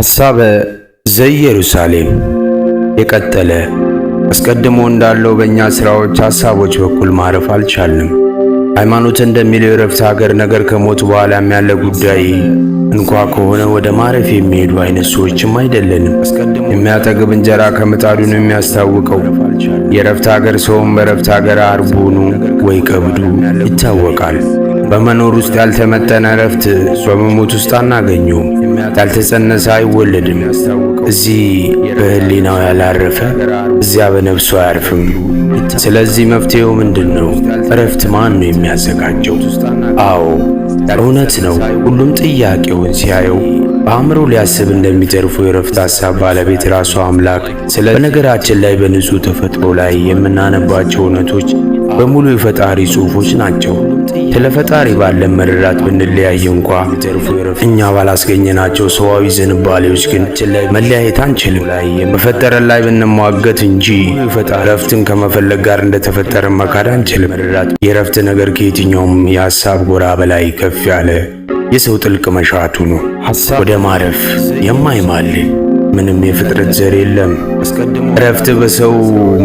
ሐሳበ ዘኢየሩሳሌም የቀጠለ አስቀድሞ እንዳለው በእኛ ሥራዎች ሐሳቦች በኩል ማረፍ አልቻልንም። ሃይማኖት እንደሚለው የእረፍት ሀገር ነገር ከሞት በኋላም ያለ ጉዳይ እንኳ ከሆነ ወደ ማረፍ የሚሄዱ አይነት ሰዎችም አይደለንም። የሚያጠግብ እንጀራ ከምጣዱ ነው የሚያስታውቀው። የእረፍት ሀገር ሰውም በእረፍት ሀገር አርቡኑ ወይ ከብዱ ይታወቃል። በመኖር ውስጥ ያልተመጠነ እረፍት በመሞት ውስጥ አናገኘውም። ያልተጸነሰ አይወለድም። እዚህ በህሊናው ያላረፈ እዚያ በነፍሱ አያርፍም። ስለዚህ መፍትሄው ምንድን ነው? እረፍት ማን ነው የሚያዘጋጀው? አዎ እውነት ነው። ሁሉም ጥያቄውን ሲያየው በአእምሮ ሊያስብ እንደሚጠርፉ የእረፍት ሐሳብ ባለቤት ራሱ አምላክ። ስለ በነገራችን ላይ በንጹህ ተፈጥሮ ላይ የምናነባቸው እውነቶች በሙሉ የፈጣሪ ጽሑፎች ናቸው። ስለ ፈጣሪ ባለን መረዳት ብንለያየ እንኳ እኛ ባላስገኘናቸው ሰዋዊ ዝንባሌዎች ግን መለያየት አንችልም። በፈጠረን ላይ ብንሟገት እንጂ ረፍትን ከመፈለግ ጋር እንደተፈጠረ መካድ አንችልም። የረፍት ነገር ከየትኛውም የሐሳብ ጎራ በላይ ከፍ ያለ የሰው ጥልቅ መሻቱ ነው፣ ወደ ማረፍ የማይማልን ምንም የፍጥረት ዘር የለም። እረፍት በሰው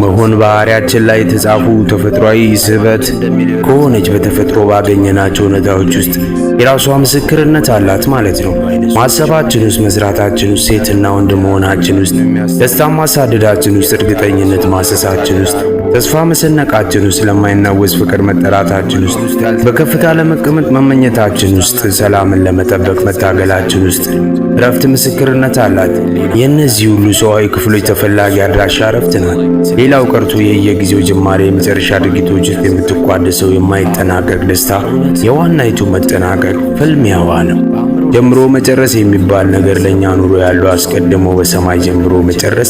መሆን ባህሪያችን ላይ የተጻፉ ተፈጥሯዊ ስበት ከሆነች በተፈጥሮ ባገኘናቸው እውነታዎች ውስጥ የራሷ ምስክርነት አላት ማለት ነው። ማሰባችን ውስጥ፣ መስራታችን ውስጥ፣ ሴትና ወንድ መሆናችን ውስጥ፣ ደስታ ማሳደዳችን ውስጥ፣ እርግጠኝነት ማሰሳችን ውስጥ፣ ተስፋ መሰነቃችን ውስጥ፣ ለማይናወዝ ፍቅር መጠራታችን ውስጥ፣ በከፍታ ለመቀመጥ መመኘታችን ውስጥ፣ ሰላምን ለመጠበቅ መታገላችን ውስጥ እረፍት ምስክርነት አላት። የእነዚህ ሁሉ ሰዋዊ ክፍሎች ተፈላጊ አድራሻ እረፍት ናት። ሌላው ቀርቶ የየጊዜው ጅማሬ የመጨረሻ ድርጊቶች ውስጥ የምትቋደሰው የማይጠናቀቅ ደስታ የዋናይቱ መጠናቀቅ መካከል ፍልሚያዋ ነው። ጀምሮ መጨረስ የሚባል ነገር ለኛ ኑሮ ያለው አስቀድሞ በሰማይ ጀምሮ መጨረስ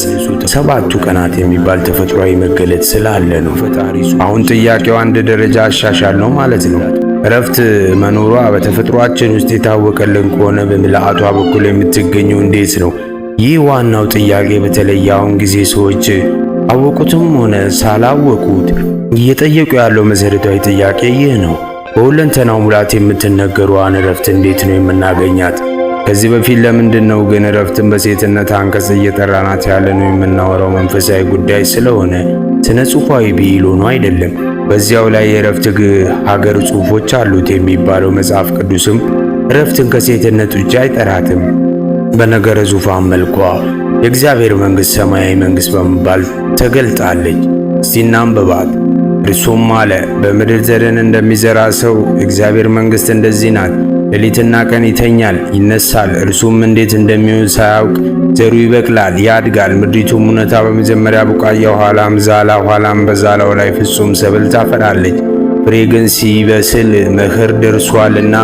ሰባቱ ቀናት የሚባል ተፈጥሯዊ መገለጥ ስላለ ነው። አሁን ጥያቄው አንድ ደረጃ አሻሻል ነው ማለት ነው። እረፍት መኖሯ በተፈጥሯችን ውስጥ የታወቀልን ከሆነ በምልአቷ በኩል የምትገኘው እንዴት ነው? ይህ ዋናው ጥያቄ በተለይ አሁን ጊዜ ሰዎች አወቁትም ሆነ ሳላወቁት እየጠየቁ ያለው መሰረታዊ ጥያቄ ይህ ነው። በሁለንተናው ሙላት የምትነገረዋን እረፍት እንዴት ነው የምናገኛት? ከዚህ በፊት ለምንድን ነው ግን እረፍትን በሴትነት አንቀጽ እየጠራናት ያለ ነው የምናወራው? መንፈሳዊ ጉዳይ ስለሆነ ስነ ጽሑፋዊ ብሂሉኑ አይደለም። በዚያው ላይ የእረፍት ሀገር ጽሑፎች አሉት የሚባለው መጽሐፍ ቅዱስም እረፍትን ከሴትነት ውጭ አይጠራትም። በነገረ ዙፋን መልኳ የእግዚአብሔር መንግሥት ሰማያዊ መንግሥት በመባል ተገልጣለች። እስቲ እናንብባት። እርሱም አለ በምድር ዘርን እንደሚዘራ ሰው እግዚአብሔር መንግሥት እንደዚህ ናት። ሌሊትና ቀን ይተኛል፣ ይነሳል፣ እርሱም እንዴት እንደሚሆን ሳያውቅ ዘሩ ይበቅላል፣ ያድጋል። ምድሪቱም እውነታ በመጀመሪያ ቡቃያ፣ ኋላም ዛላ፣ ኋላም በዛላው ላይ ፍጹም ሰብል ታፈራለች። ፍሬ ግን ሲበስል መኸር ደርሷልና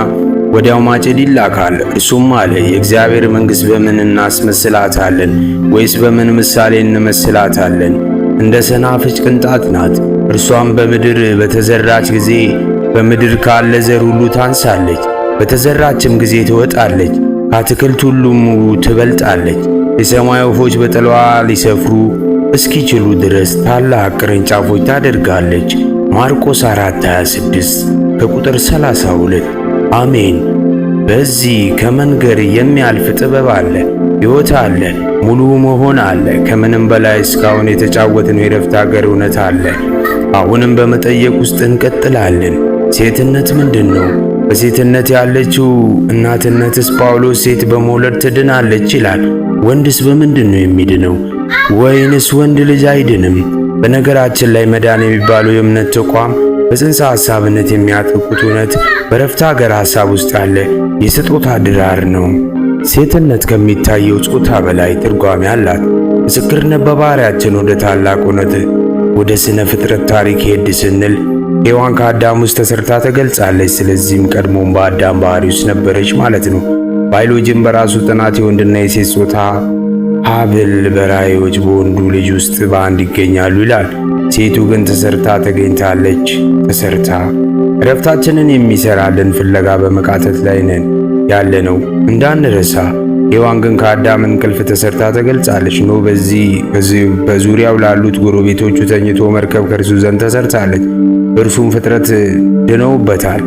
ወዲያው ማጭድ ይላካል። እርሱም አለ የእግዚአብሔር መንግሥት በምን እናስመስላታለን? ወይስ በምን ምሳሌ እንመስላታለን? እንደ ሰናፍጭ ቅንጣት ናት። እርሷም በምድር በተዘራች ጊዜ በምድር ካለ ዘር ሁሉ ታንሳለች፣ በተዘራችም ጊዜ ትወጣለች፣ አትክልት ሁሉም ትበልጣለች። የሰማይ ወፎች በጥላዋ ሊሰፍሩ እስኪችሉ ድረስ ታላቅ ቅርንጫፎች ታደርጋለች። ማርቆስ 4:26 ከቁጥር 32። አሜን። በዚህ ከመንገድ የሚያልፍ ጥበብ አለ፣ ሕይወት አለ፣ ሙሉ መሆን አለ። ከምንም በላይ እስካሁን የተጫወትነው የረፍት አገር እውነት አለ። አሁንም በመጠየቅ ውስጥ እንቀጥላለን። ሴትነት ምንድን ነው? በሴትነት ያለችው እናትነትስ ጳውሎስ ሴት በመውለድ ትድናለች ይላል። ወንድስ በምንድን ነው የሚድነው? ወይንስ ወንድ ልጅ አይድንም? በነገራችን ላይ መዳን የሚባለው የእምነት ተቋም በጽንሰ ሐሳብነት የሚያጠቁት እውነት በረፍተ ሀገር ሐሳብ ውስጥ ያለ የስጦታ ድራር ነው። ሴትነት ከሚታየው ጾታ በላይ ትርጓሜ አላት። ምስክርነት በባህሪያችን ወደ ታላቅ እውነት ወደ ስነ ፍጥረት ታሪክ ሄድ ስንል ሔዋን ከአዳም ውስጥ ተሰርታ ተገልጻለች። ስለዚህም ቀድሞም በአዳም ባህሪ ውስጥ ነበረች ማለት ነው። ባዮሎጂም በራሱ ጥናት የወንድና የሴት ጾታ ሀብል በራእዮች በወንዱ ልጅ ውስጥ በአንድ ይገኛሉ ይላል። ሴቱ ግን ተሰርታ ተገኝታለች። ተሰርታ እረፍታችንን የሚሰራልን ፍለጋ በመቃተት ላይ ነን ያለነው እንዳንረሳ። ሔዋን ግን ከአዳም እንቅልፍ ተሰርታ ተገልጻለች። ኖ በዚህ በዙሪያው ላሉት ጎረቤቶቹ ተኝቶ መርከብ ከእርሱ ዘንድ ተሰርታለች፣ እርሱም ፍጥረት ድነውበታል።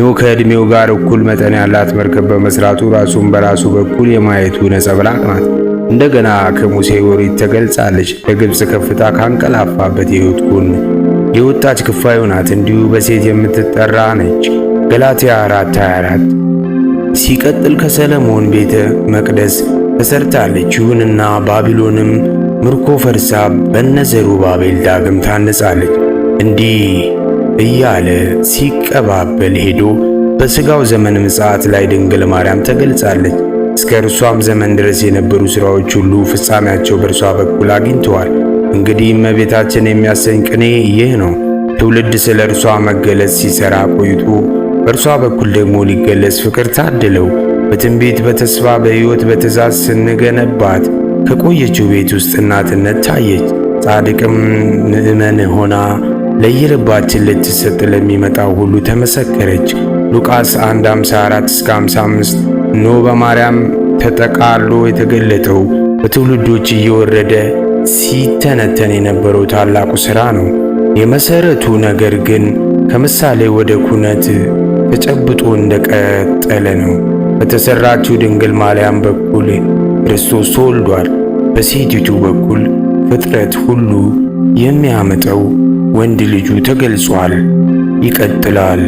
ኖ ከዕድሜው ጋር እኩል መጠን ያላት መርከብ በመስራቱ ራሱን በራሱ በኩል የማየቱ ነጸብራቅ ናት። እንደገና ከሙሴ ወሪት ተገልጻለች። ለግብፅ ከፍታ ካንቀላፋበት የሕይወት ጎን የወጣች ክፋዩ ናት። እንዲሁ በሴት የምትጠራ ነች። ገላትያ 4 24 ሲቀጥል ከሰለሞን ቤተ መቅደስ ተሰርታለች። ይሁንና ባቢሎንም ምርኮ ፈርሳ በነዘሩባቤል ዳግም ታነጻለች። እንዲህ እያለ ሲቀባበል ሄዶ በሥጋው ዘመን ምጽአት ላይ ድንግል ማርያም ተገልጻለች። እስከ እርሷም ዘመን ድረስ የነበሩ ሥራዎች ሁሉ ፍጻሜያቸው በእርሷ በኩል አግኝተዋል። እንግዲህ እመቤታችን የሚያሰኝ ቅኔ ይህ ነው። ትውልድ ስለ እርሷ መገለጽ ሲሠራ ቆይቶ በእርሷ በኩል ደግሞ ሊገለጽ ፍቅር ታደለው። በትንቢት በተስፋ በሕይወት በትእዛዝ ስንገነባት ከቆየችው ቤት ውስጥ እናትነት ታየች። ጻድቅም ምእመን ሆና ለየልባችን ልትሰጥ ለሚመጣው ሁሉ ተመሰከረች። ሉቃስ 15455 እስከ 55 ኖ በማርያም ተጠቃሎ የተገለጠው በትውልዶች እየወረደ ሲተነተን የነበረው ታላቁ ሥራ ነው። የመሠረቱ ነገር ግን ከምሳሌ ወደ ኩነት ተጨብጦ እንደቀጠለ ነው። በተሰራችው ድንግል ማርያም በኩል ክርስቶስ ተወልዷል። በሴቲቱ በኩል ፍጥረት ሁሉ የሚያመጠው ወንድ ልጁ ተገልጿል። ይቀጥላል።